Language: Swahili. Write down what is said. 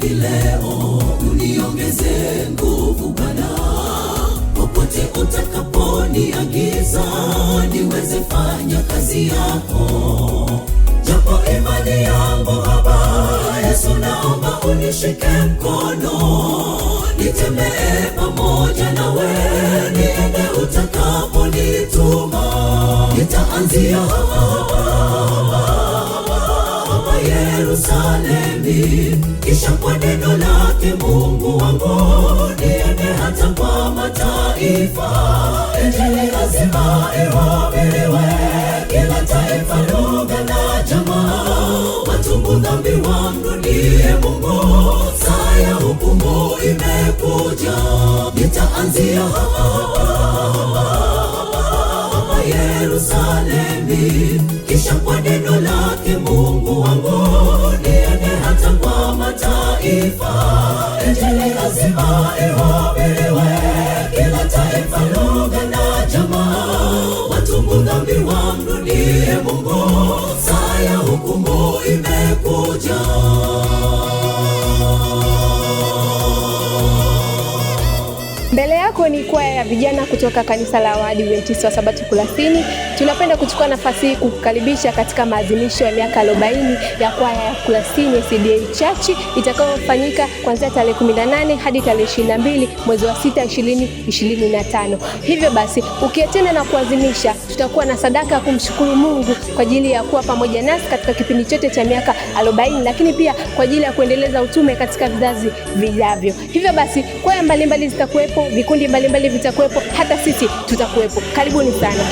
hivi leo, uniongeze nguvu Bwana, popote utakaponiagiza niweze fanya kazi yako, japo imani yangu haba. Yesu, naomba unishike mkono, nitembee pamoja nawe, niende utakaponituma, nitaanzia Yerusalemi, kisha kwa neno lake Mungu wangu niende hata kwa mataifa. Injili lazima ihubiriwe kila taifa, lugha na jamaa. Watubu dhambi, wamrudie Mungu, saa ya hukumu imekuja. Nitaanzia hapa Yerusalemi, kisha kwa neno lake Mungu wangu mataifa, Injili lazima ihubiriwe kila taifa, lugha na jamaa, watubu dhambi wamrudie Mungu. Mbele yako ni kwaya ya vijana kutoka kanisa la Waadventista wa Sabato Kurasini. Tunapenda kuchukua nafasi hii kukukaribisha katika maadhimisho ya miaka 40 ya kwaya ya Kurasini SDA Church itakayofanyika kuanzia tarehe 18 hadi tarehe 22 mwezi wa 6 2025. Hivyo basi, ukiatenda na kuadhimisha, tutakuwa na sadaka ya kumshukuru Mungu kwa ajili ya kuwa pamoja nasi katika kipindi chote cha miaka 40, lakini pia kwa ajili ya kuendeleza utume katika vizazi vijavyo. Hivyo basi, kwaya mbalimbali zitakuwepo vikundi mbalimbali vitakuwepo, hata sisi tutakuwepo. Karibuni sana.